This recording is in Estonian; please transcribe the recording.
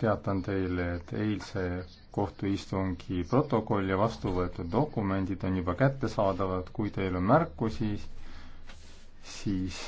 teatan teile, et eilse kohtuistungi protokoll ja vastu võetud dokumendid on juba kättesaadavad, kui teil on märkusi, siis